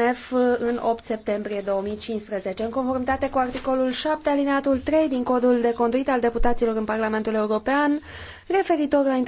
NF în 8 septembrie 2015. În conformitate cu articolul 7 alineatul 3 din codul de conduită al deputaților în Parlamentul European referitor la